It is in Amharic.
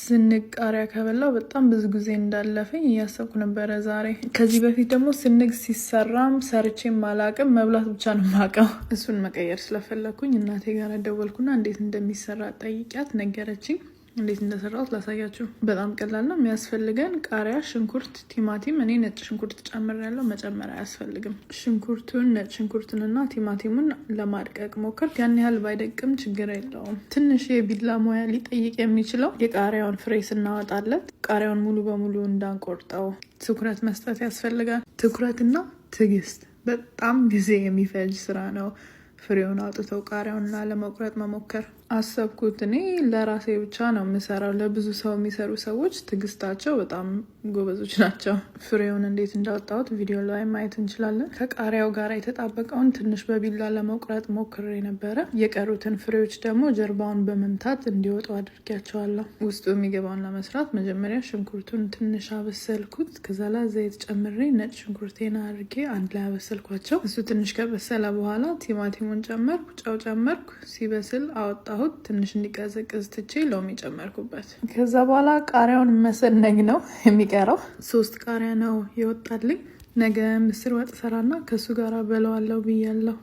ስንቅ ቃሪያ ከበላው በጣም ብዙ ጊዜ እንዳለፈኝ እያሰብኩ ነበረ ዛሬ። ከዚህ በፊት ደግሞ ስንቅ ሲሰራም ሰርቼ ማላቅም መብላት ብቻ ነው ማቀው። እሱን መቀየር ስለፈለግኩኝ እናቴ ጋር ደወልኩና እንዴት እንደሚሰራ ጠይቂያት ነገረችኝ። እንዴት እንደሰራሁት ላሳያችሁ። በጣም ቀላል ነው። የሚያስፈልገን ቃሪያ፣ ሽንኩርት፣ ቲማቲም። እኔ ነጭ ሽንኩርት ጨምር ያለው መጨመር አያስፈልግም። ሽንኩርቱን ነጭ ሽንኩርትንና ቲማቲሙን ለማድቀቅ ሞከር። ያን ያህል ባይደቅም ችግር የለውም። ትንሽ የቢላ ሙያ ሊጠይቅ የሚችለው የቃሪያውን ፍሬ ስናወጣለት ቃሪያውን ሙሉ በሙሉ እንዳንቆርጠው ትኩረት መስጠት ያስፈልጋል። ትኩረትና ትዕግስት በጣም ጊዜ የሚፈጅ ስራ ነው። ፍሬውን አውጥተው ቃሪያውንና ለመቁረጥ መሞከር አሰብኩት። እኔ ለራሴ ብቻ ነው የምሰራው። ለብዙ ሰው የሚሰሩ ሰዎች ትዕግስታቸው በጣም ጎበዞች ናቸው። ፍሬውን እንዴት እንዳወጣሁት ቪዲዮ ላይ ማየት እንችላለን። ከቃሪያው ጋር የተጣበቀውን ትንሽ በቢላ ለመቁረጥ ሞክሬ ነበረ። የቀሩትን ፍሬዎች ደግሞ ጀርባውን በመምታት እንዲወጡ አድርጊያቸዋለሁ። ውስጡ የሚገባውን ለመስራት መጀመሪያ ሽንኩርቱን ትንሽ አበሰልኩት። ከዛ ላይ ዘይት ጨምሬ ነጭ ሽንኩርቴን አድርጌ አንድ ላይ አበሰልኳቸው። እሱ ትንሽ ከበሰለ በኋላ ቲማቲሙ ሊሞን ጨመርኩ፣ ጨው ጨመርኩ። ሲበስል አወጣሁት። ትንሽ እንዲቀዘቅዝ ትቼ ሎሚ ጨመርኩበት። ከዛ በኋላ ቃሪያውን መሰነግ ነው የሚቀረው። ሶስት ቃሪያ ነው የወጣልኝ። ነገ ምስር ወጥ ሰራና ከእሱ ጋር በለዋለው ብያለሁ።